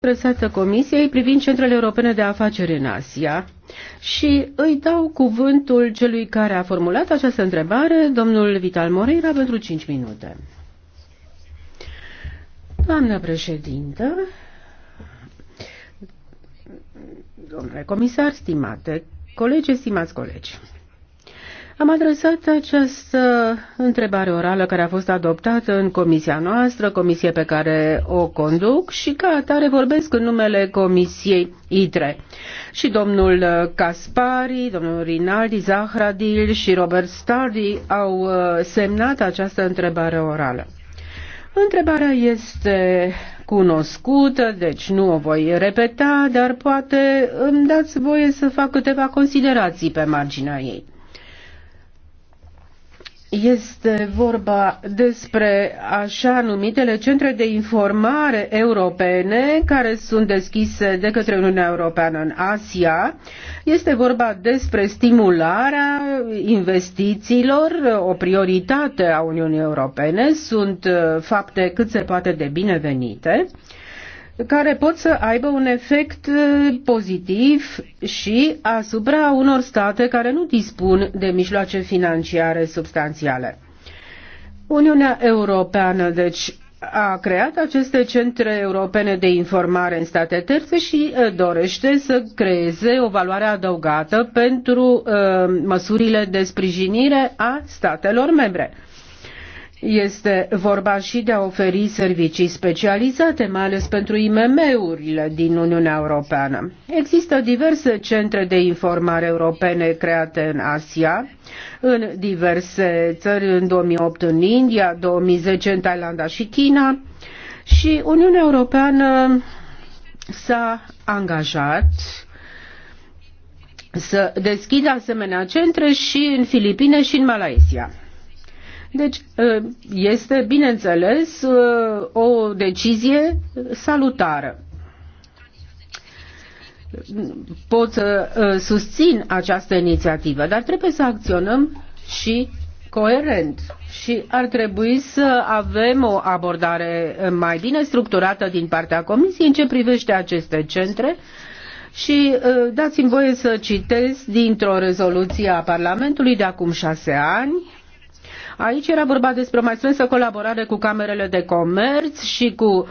adresată Comisiei privind centrele europene de afaceri în Asia și îi dau cuvântul celui care a formulat această întrebare, domnul Vital Moreira, pentru 5 minute. Doamnă președintă, domnule comisar, stimate colegi, stimați colegi, am adresat această întrebare orală care a fost adoptată în comisia noastră, comisie pe care o conduc și ca atare vorbesc în numele comisiei ITRE. Și domnul Caspari, domnul Rinaldi, Zahradil și Robert Stardi au uh, semnat această întrebare orală. Întrebarea este cunoscută, deci nu o voi repeta, dar poate îmi dați voie să fac câteva considerații pe marginea ei. Este vorba despre așa numitele centre de informare europene care sunt deschise de către Uniunea Europeană în Asia. Este vorba despre stimularea investițiilor, o prioritate a Uniunii Europene. Sunt uh, fapte cât se poate de binevenite care pot să aibă un efect uh, pozitiv și asupra unor state care nu dispun de mijloace financiare substanțiale. Uniunea Europeană, deci, a creat aceste centre europene de informare în state terțe și uh, dorește să creeze o valoare adăugată pentru uh, măsurile de sprijinire a statelor membre. Este vorba și de a oferi servicii specializate, mai ales pentru IMM-urile din Uniunea Europeană. Există diverse centre de informare europene create în Asia, în diverse țări, în 2008 în India, 2010 în Thailanda și China și Uniunea Europeană s-a angajat să deschidă asemenea centre și în Filipine și în Malaysia. Deci ă, este, bineînțeles, ă, o decizie salutară pot să ă, susțin această inițiativă, dar trebuie să acționăm și coerent și ar trebui să avem o abordare mai bine structurată din partea Comisiei în ce privește aceste centre și dați-mi voie să citesc dintr-o rezoluție a Parlamentului de acum șase ani Aici era vorba despre o mai strânsă colaborare cu camerele de comerț și cu uh,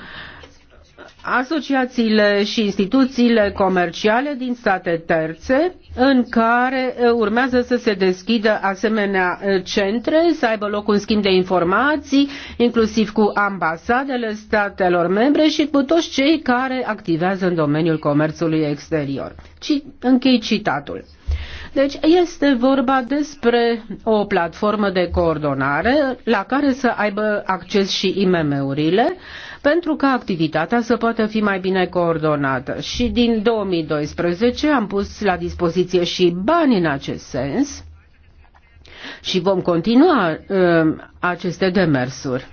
asociațiile și instituțiile comerciale din state terțe în care urmează să se deschidă asemenea centre, să aibă loc un schimb de informații, inclusiv cu ambasadele statelor membre și cu toți cei care activează în domeniul comerțului exterior. Ci, închei citatul. Deci este vorba despre o platformă de coordonare la care să aibă acces și IMM-urile, pentru ca activitatea să poată fi mai bine coordonată. Și din 2012 am pus la dispoziție și bani în acest sens și vom continua uh, aceste demersuri.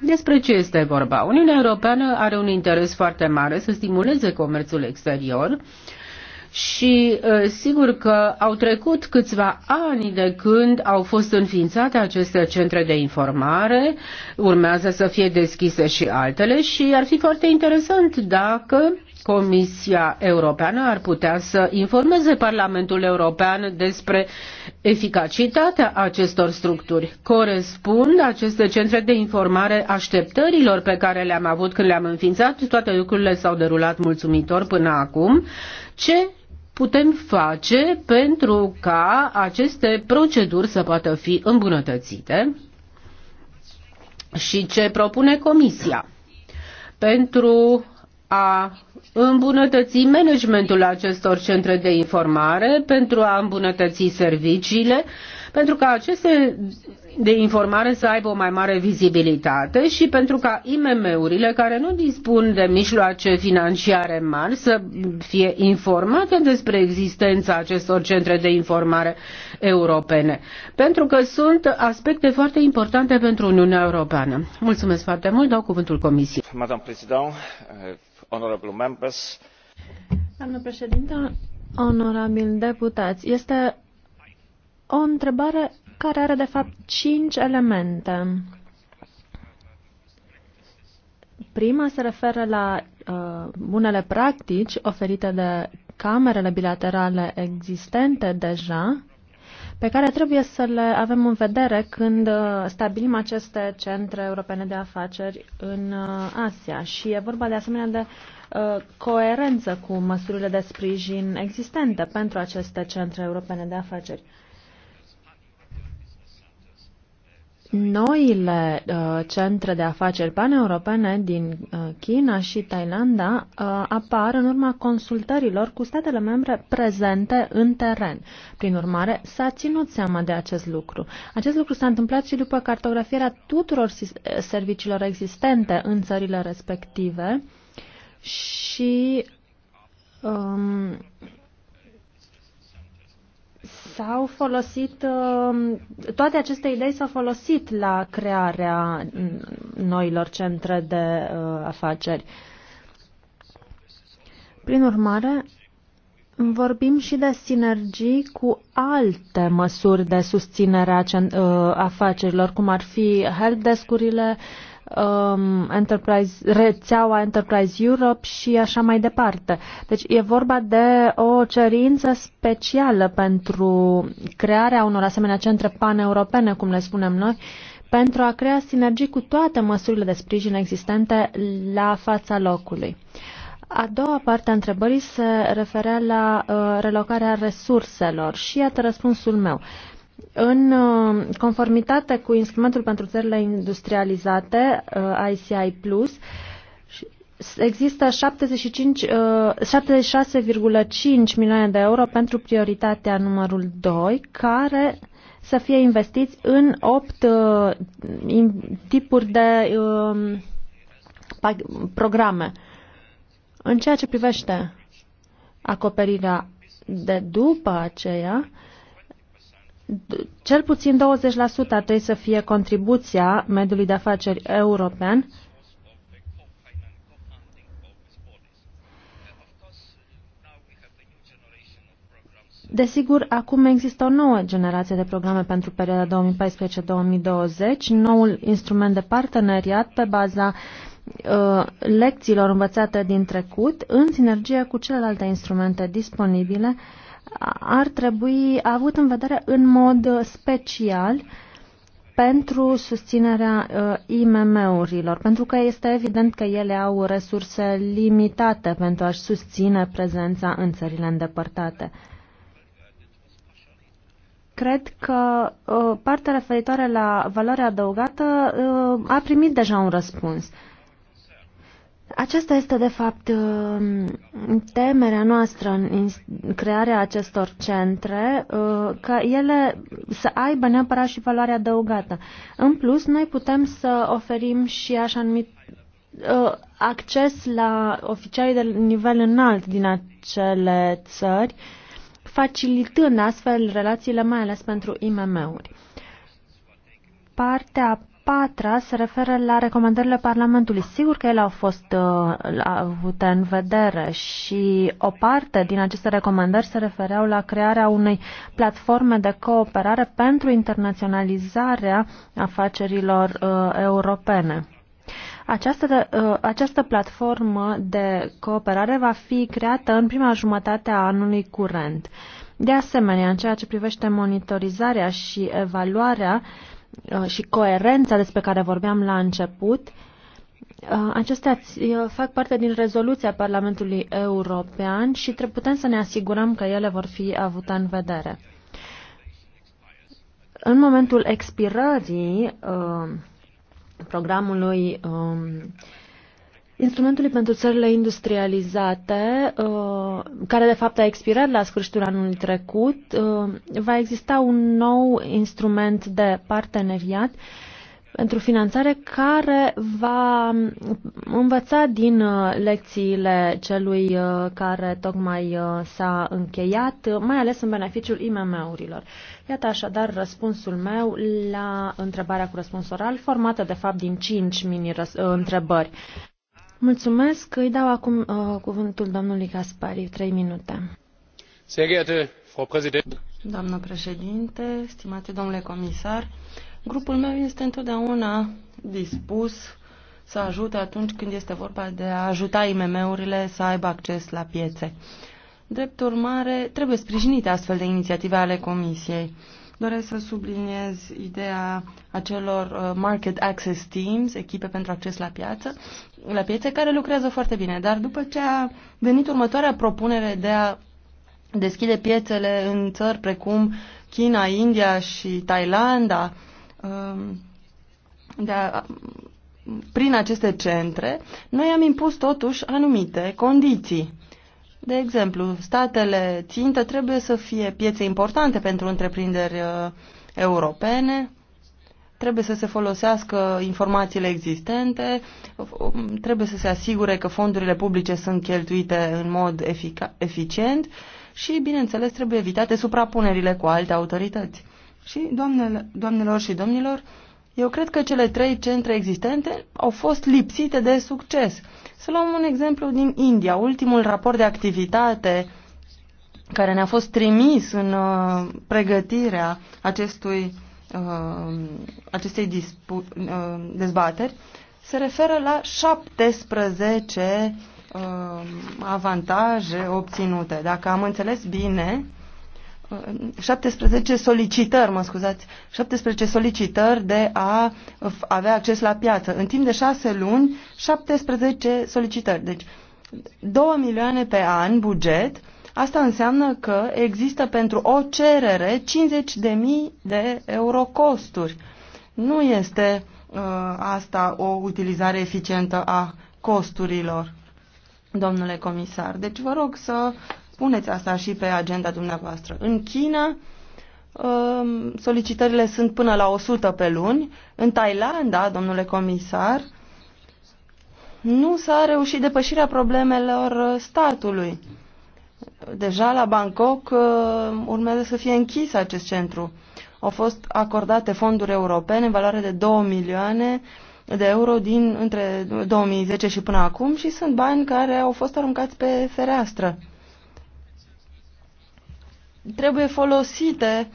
Despre ce este vorba? Uniunea Europeană are un interes foarte mare să stimuleze comerțul exterior uh, și uh, sigur că au trecut câțiva ani de când au fost înființate aceste centre de informare, urmează să fie deschise și altele și ar fi foarte interesant dacă Comisia Europeană ar putea să informeze Parlamentul European despre eficacitatea acestor structuri. Corespund aceste centre de informare așteptărilor pe care le-am avut când le-am înființat, toate lucrurile s-au derulat mulțumitor până acum. Ce putem face pentru ca aceste proceduri să poată fi îmbunătățite și ce propune Comisia pentru a îmbunătăți managementul acestor centre de informare, pentru a îmbunătăți serviciile, pentru ca aceste de informare să aibă o mai mare vizibilitate și pentru ca IMM-urile care nu dispun de mijloace financiare mari să fie informate despre existența acestor centre de informare europene, pentru că sunt aspecte foarte importante pentru Uniunea Europeană. Mulțumesc foarte mult, dau cuvântul Comisiei. Madam President, uh, honorable members. Doamnă președinte, onorabil deputați, este o întrebare care are de fapt cinci elemente. Prima se referă la uh, bunele practici oferite de camerele bilaterale existente deja, pe care trebuie să le avem în vedere când uh, stabilim aceste centre europene de afaceri în uh, Asia. Și e vorba de asemenea de uh, coerență cu măsurile de sprijin existente pentru aceste centre europene de afaceri. Noile uh, centre de afaceri paneuropene din uh, China și Thailanda uh, apar în urma consultărilor cu statele membre prezente în teren. Prin urmare, s-a ținut seama de acest lucru. Acest lucru s-a întâmplat și după cartografierea tuturor uh, serviciilor existente în țările respective și um, s-au folosit, uh, toate aceste idei s-au folosit la crearea noilor centre de uh, afaceri. Prin urmare, vorbim și de sinergii cu alte măsuri de susținere a uh, afacerilor, cum ar fi helpdesk-urile, uh, um, Enterprise, rețeaua Enterprise Europe și așa mai departe. Deci e vorba de o cerință specială pentru crearea unor asemenea centre paneuropene, cum le spunem noi, pentru a crea sinergii cu toate măsurile de sprijin existente la fața locului. A doua parte a întrebării se referea la uh, relocarea resurselor și iată răspunsul meu. Uh, în uh, conformitate cu instrumentul pentru țările industrializate, ICI+, uh, există 76,5 uh, milioane de euro pentru prioritatea numărul 2, care să fie investiți în 8 tipuri de um, programe. În ceea ce privește acoperirea de după aceea, uh, cel puțin 20% ar trebui să fie contribuția mediului de afaceri european Desigur, acum există o nouă generație de programe pentru perioada 2014-2020, noul instrument de parteneriat pe baza uh, lecțiilor învățate din trecut, în sinergie cu celelalte instrumente disponibile ar trebui avut în vedere în mod special pentru susținerea uh, IMM-urilor, pentru că este evident că ele au resurse limitate pentru a-și susține prezența în țările îndepărtate. Cred că uh, partea referitoare la valoarea adăugată uh, a primit deja un răspuns. Uh, aceasta este, de fapt, um, temerea noastră în crearea acestor centre, uh, că ele să aibă neapărat și valoare adăugată. În plus, noi putem să oferim și așa numit uh, acces la oficialii de nivel înalt din acele țări, facilitând astfel relațiile, mai ales pentru IMM-uri. Partea patra se referă la recomandările Parlamentului. Sigur că ele au fost uh, avute în vedere și o parte din aceste recomandări se refereau la crearea unei platforme de cooperare pentru internaționalizarea afacerilor uh, europene. Această, uh, această platformă de cooperare va fi creată în prima jumătate a anului curent. De asemenea, în ceea ce privește monitorizarea și evaluarea, uh, Uh, și coerența despre care vorbeam la început, uh, acestea uh, fac parte din rezoluția Parlamentului European și putem să ne asigurăm că ele vor fi avute în vedere. În momentul expirării programului um, instrumentului pentru țările industrializate, uh, care de fapt a expirat la sfârșitul anului trecut, uh, va exista un nou instrument de parteneriat pentru finanțare care va învăța din uh, lecțiile celui care tocmai s-a încheiat, mai ales în beneficiul IMM-urilor. Iată așadar răspunsul meu la întrebarea cu răspuns oral, formată de fapt din 5 mini-întrebări. Mulțumesc. Îi dau acum uh, cuvântul domnului Gaspari, trei minute. Doamnă președinte, stimate domnule comisar, grupul meu este întotdeauna dispus să ajute atunci când este vorba de a ajuta IMM-urile să aibă acces la piețe. Drept urmare, trebuie sprijinite astfel de inițiative ale Comisiei. Doresc să subliniez ideea acelor uh, market access teams, echipe pentru acces la piață, la piețe, care lucrează foarte bine. Dar după ce a venit următoarea propunere de a deschide piețele în țări precum China, India și Thailanda, um, de a, prin aceste centre, noi am impus totuși anumite condiții de exemplu, statele țintă trebuie să fie piețe importante pentru întreprinderi uh, europene, trebuie să se folosească informațiile existente, um, trebuie să se asigure că fondurile publice sunt cheltuite în mod eficient și, bineînțeles, trebuie evitate suprapunerile cu alte autorități. Și, doamnele, doamnelor și domnilor, eu cred că cele trei centre existente au fost lipsite de succes. Să luăm un exemplu din India. Ultimul raport de activitate care ne-a fost trimis în uh, pregătirea acestui, uh, acestei dispu- uh, dezbateri se referă la 17 uh, avantaje obținute. Dacă am înțeles bine, uh, 17 solicitări, mă scuzați, 17 solicitări de a avea acces la piață. În timp de 6 luni, 17 solicitări. Deci 2 milioane pe an buget, asta înseamnă că există pentru o cerere 50 de mii de euro costuri. Nu este uh, asta o utilizare eficientă a costurilor domnule comisar. Deci vă rog să puneți asta și pe agenda dumneavoastră. În China, um, solicitările sunt până la 100 pe luni. În Thailanda, domnule comisar, nu s-a reușit depășirea problemelor uh, statului. Deja la Bangkok uh, urmează să fie închis acest centru. Au fost acordate fonduri europene în valoare de 2 milioane de euro din între 2010 și până acum și sunt bani care au fost aruncați pe fereastră trebuie folosite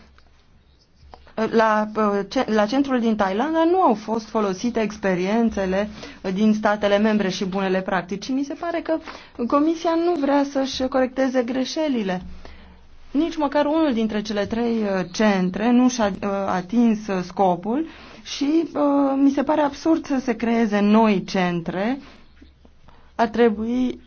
la, la centrul din Thailanda nu au fost folosite experiențele din statele membre și bunele practici. mi se pare că Comisia nu vrea să-și corecteze greșelile. Nici măcar unul dintre cele trei uh, centre nu și-a uh, atins uh, scopul și mi se pare absurd să se creeze noi centre. Ar trebui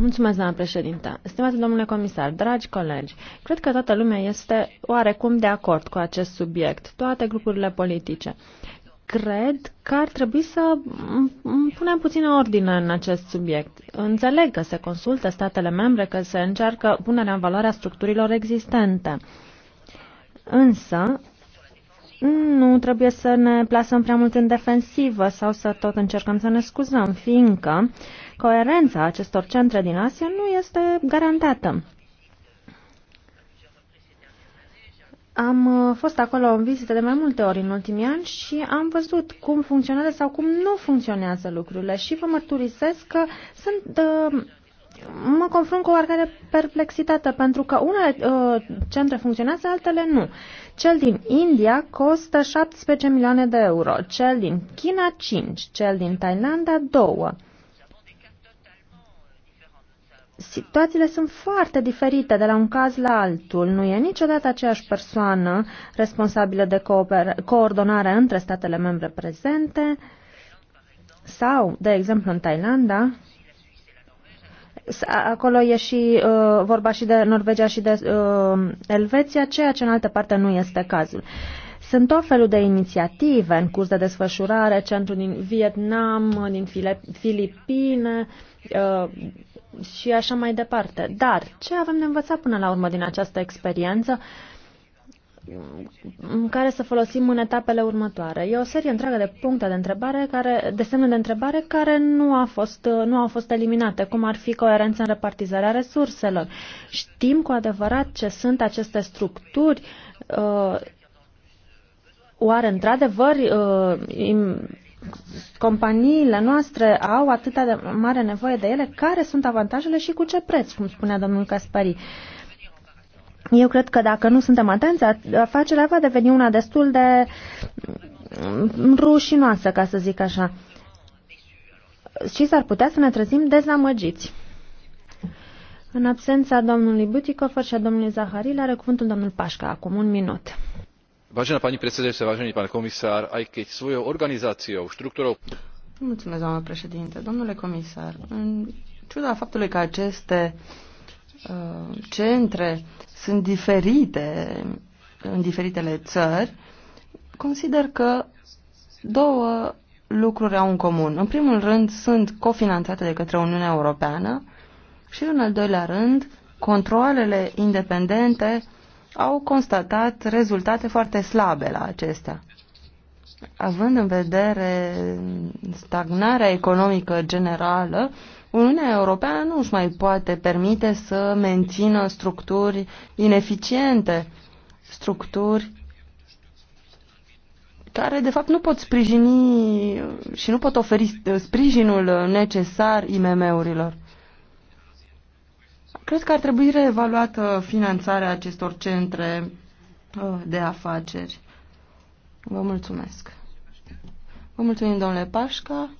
Mulțumesc, doamnă președintă. Stimați domnule comisar, dragi colegi, cred că toată lumea este oarecum de acord cu acest subiect, toate grupurile politice. Cred că ar trebui să punem puțină ordine în acest subiect. Înțeleg că se consultă statele membre, că se încearcă punerea în valoare a structurilor existente. Însă, nu trebuie să ne plasăm prea mult în defensivă sau să tot încercăm să ne scuzăm, fiindcă coerența acestor centre din Asia nu este garantată. Am uh, fost acolo în vizită de mai multe ori în ultimii ani și am văzut cum funcționează sau cum nu funcționează lucrurile și vă mărturisesc că sunt uh, mă confrunt cu o oarecare perplexitate, pentru că unele uh, centre funcționează, altele nu. Cel din India costă 17 milioane de euro, cel din China 5, cel din Thailanda 2. Situațiile sunt foarte diferite de la un caz la altul. Nu e niciodată aceeași persoană responsabilă de coordonare între statele membre prezente sau, de exemplu, în Thailanda, acolo e și uh, vorba și de Norvegia și de uh, Elveția, ceea ce în altă parte nu este cazul. Sunt tot felul de inițiative în curs de desfășurare, centru din Vietnam, din Filipine uh, și așa mai departe. Dar ce avem de învățat până la urmă din această experiență? Uh, care să folosim în etapele următoare. E o serie întreagă de puncte de întrebare, care, de semne de întrebare, care nu, a fost, nu au fost eliminate, cum ar fi coerența în repartizarea resurselor. Știm cu adevărat ce sunt aceste structuri, uh, oare într-adevăr uh, companiile noastre au atâta de mare nevoie de ele, care sunt avantajele și cu ce preț, cum spunea domnul Caspari. Eu cred că dacă nu suntem atenți, afacerea va deveni una destul de mm, rușinoasă, ca să zic așa. Și s-ar putea să ne trezim dezamăgiți. În absența domnului Butikofer și a domnului Zaharil, are cuvântul domnul Pașca acum un minut. Vážená pani predsedajúca, vážený pán komisár, aj keď svojou organizáciou, štruktúrou... Mulțumesc, doamnă președinte. Domnule comisar, în ciuda faptului că aceste uh, centre sunt diferite în diferitele țări, consider că două lucruri au în comun. În primul rând, sunt cofinanțate de către Uniunea Europeană și, în al doilea rând, controlele independente au constatat rezultate foarte slabe la acestea. Având în vedere stagnarea economică generală, Uniunea Europeană nu își mai poate permite să mențină structuri ineficiente, structuri care de fapt nu pot sprijini și nu pot oferi sprijinul necesar IMM-urilor. Cred că ar trebui reevaluată finanțarea acestor centre uh, de afaceri. Vă mulțumesc. Vă mulțumim, domnule Pașca.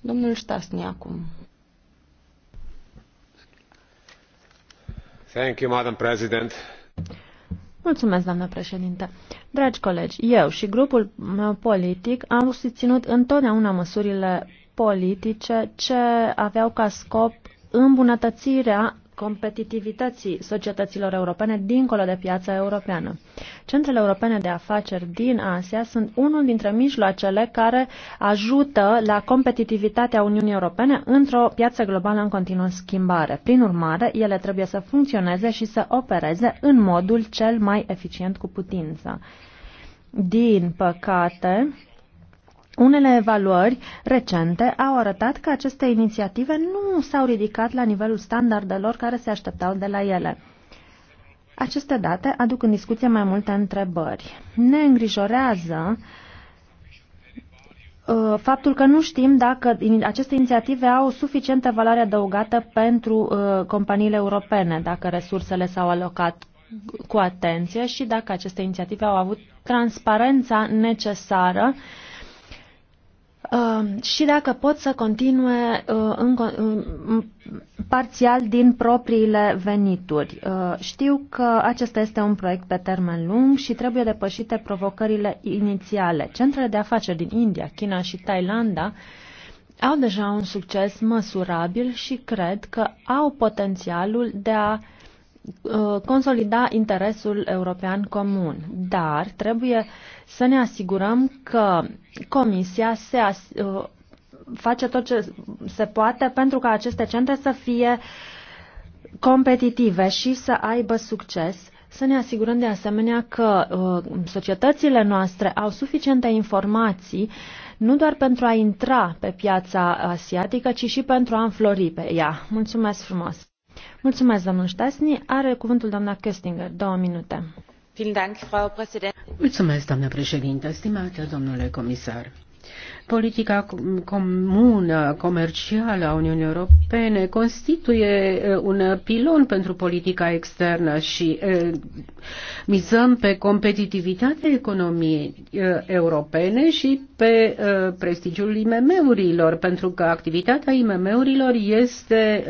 Domnul Ștasni acum. Thank you, Madam President. Mulțumesc, doamnă președinte. Dragi colegi, eu și grupul meu politic am susținut întotdeauna măsurile politice ce aveau ca scop îmbunătățirea competitivității societăților europene dincolo de piața europeană. Centrele europene de afaceri din Asia sunt unul dintre mijloacele care ajută la competitivitatea Uniunii Europene într-o piață globală în continuă schimbare. Prin urmare, ele trebuie să funcționeze și să opereze în modul cel mai eficient cu putință. Din păcate, unele evaluări recente au arătat că aceste inițiative nu s-au ridicat la nivelul standardelor care se așteptau de la ele. Aceste date aduc în discuție mai multe întrebări. Ne îngrijorează uh, faptul că nu știm dacă aceste inițiative au suficientă valoare adăugată pentru uh, companiile europene, dacă resursele s-au alocat cu atenție și dacă aceste inițiative au avut transparența necesară uh, Ehm, și dacă pot să continue uh, în, parțial din propriile venituri. Uh, știu că acesta este un proiect pe termen lung și trebuie depășite provocările inițiale. Centrele de afaceri din India, China și Thailanda au deja un succes măsurabil și cred că au potențialul de a uh, Uh, consolida interesul european comun, dar trebuie să ne asigurăm că Comisia se as- uh, face tot ce se poate pentru ca aceste centre să fie competitive și să aibă succes. Să ne asigurăm de asemenea că uh, societățile noastre au suficiente informații nu doar pentru a intra pe piața asiatică, ci și pentru a înflori pe ea. Mulțumesc frumos! Mulțumesc, domnul Ștasni. Are cuvântul doamna Köstinger. Două minute. Mulțumesc, doamnă președintă, stimate domnule comisar. Politica comună, comercială a Uniunii Europene constituie un pilon pentru politica externă și mizăm pe competitivitatea economiei europene și pe prestigiul IMM-urilor, pentru că activitatea IMM-urilor este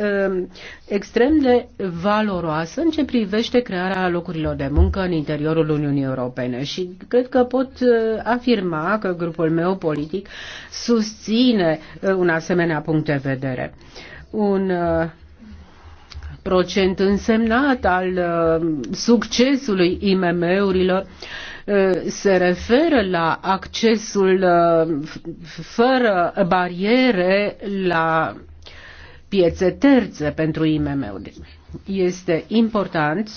extrem de valoroasă în ce privește crearea locurilor de muncă în interiorul Uniunii Europene. Și cred că pot afirma că grupul meu politic susține uh, un asemenea punct de vedere. Un uh, procent însemnat al uh, succesului IMM-urilor se referă la accesul fără bariere la piețe terțe pentru IMM-uri. Este important,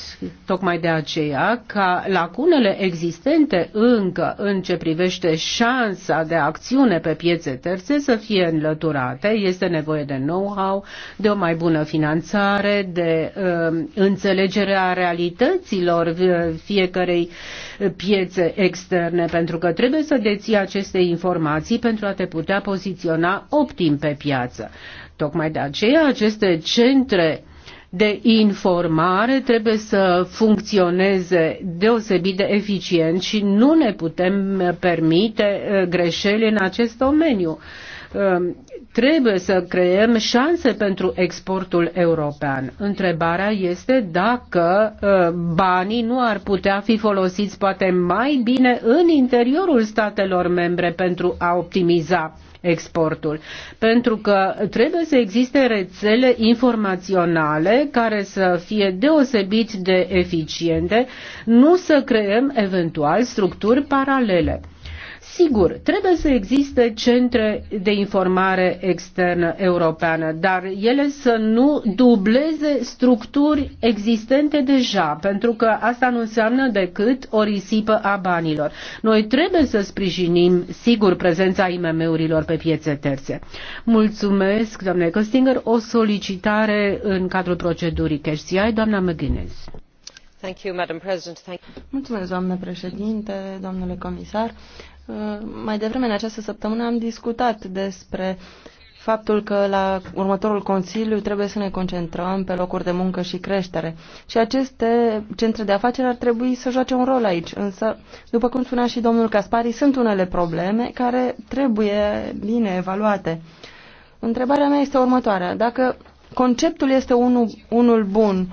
tocmai de aceea, ca lacunele existente încă în ce privește șansa de acțiune pe piețe terțe să fie înlăturate. Este nevoie de know-how, de o mai bună finanțare, de uh, înțelegerea realităților uh, fiecarei piețe externe, pentru că trebuie să deții aceste informații pentru a te putea poziționa optim pe piață. Tocmai de aceea aceste centre de informare trebuie să funcționeze deosebit de eficient și nu ne putem permite uh, greșeli în acest domeniu. Um, trebuie să creăm șanse pentru exportul european. Întrebarea este dacă uh, banii nu ar putea fi folosiți poate mai bine în interiorul statelor membre pentru a optimiza exportul. Pentru că trebuie să existe rețele informaționale care să fie deosebit de eficiente, nu să creăm eventual structuri paralele. Sigur, trebuie să existe centre de informare externă europeană, dar ele să nu dubleze structuri existente deja, pentru că asta nu înseamnă decât o risipă a banilor. Noi trebuie să sprijinim, sigur, prezența IMM-urilor pe piețe terțe. Mulțumesc, doamne Costinger, o solicitare în cadrul procedurii CashCI, doamna McGuinness. Mulțumesc, doamne președinte, domnule comisar. Uh, mai devreme în această săptămână am discutat despre faptul că la următorul Consiliu trebuie să ne concentrăm pe locuri de muncă și creștere. Și aceste centre de afaceri ar trebui să joace un rol aici. Însă, după cum spunea și domnul Caspari, sunt unele probleme care trebuie bine evaluate. Întrebarea mea este următoarea. Dacă conceptul este unul, unul bun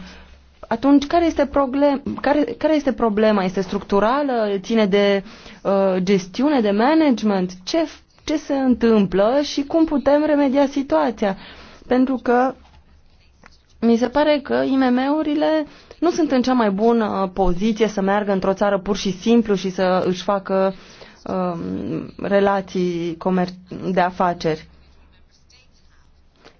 atunci care este, problem, care, care este problema? Este structurală? Ține de uh, gestiune, de management? Ce, ce se întâmplă și cum putem remedia situația? Pentru că mi se pare că IMM-urile nu sunt în cea mai bună poziție să meargă într-o țară pur și simplu și să își facă uh, relații de afaceri.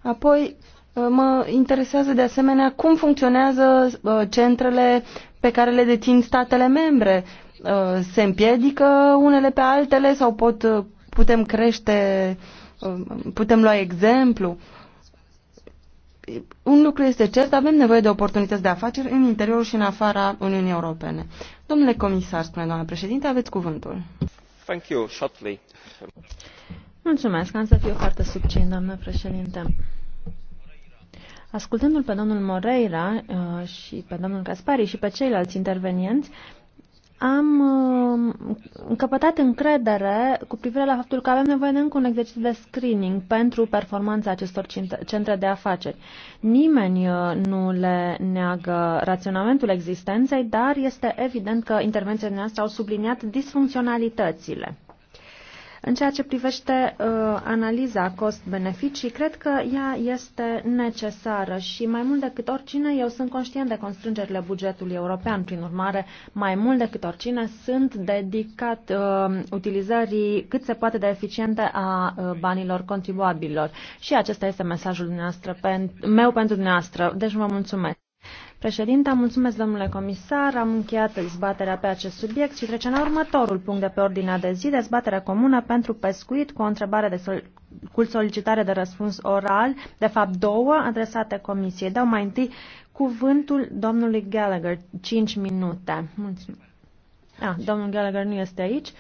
Apoi, Uh, mă interesează de asemenea cum funcționează uh, centrele pe care le dețin statele membre. Uh, se împiedică unele pe altele sau pot, putem crește, putem lua exemplu? Un lucru este cert, avem nevoie de oportunități de afaceri în interiorul și în afara Uniunii Europene. Domnule comisar, spune doamna președinte, aveți cuvântul. Thank you, Mulțumesc, am să fiu foarte subțin, doamnă președinte. Ascultându-l pe domnul Moreira uh, și pe domnul Caspari și pe ceilalți intervenienți, am uh, încăpătat încredere cu privire la faptul că avem nevoie de încă un exercițiu de screening pentru performanța acestor centre de afaceri. Nimeni uh, nu le neagă raționamentul existenței, dar este evident că intervențiile noastre au subliniat disfuncționalitățile. În ceea ce privește uh, analiza cost-beneficii, cred că ea este necesară și mai mult decât oricine eu sunt conștient de constrângerile bugetului european. Prin urmare, mai mult decât oricine sunt dedicat uh, utilizării cât se poate de eficiente a uh, banilor contribuabililor. Și acesta este mesajul dumneavoastră, pen, meu pentru dumneavoastră. Deci vă mulțumesc. Președinte, mulțumesc, domnule comisar. Am încheiat dezbaterea pe acest subiect și trecem la următorul punct de pe ordinea de zi, dezbaterea comună pentru pescuit cu o întrebare de sol- cu solicitare de răspuns oral, de fapt două, adresate comisiei. Dau mai întâi cuvântul domnului Gallagher, 5 minute. Mulțumesc. Ah, domnul Gallagher nu este aici.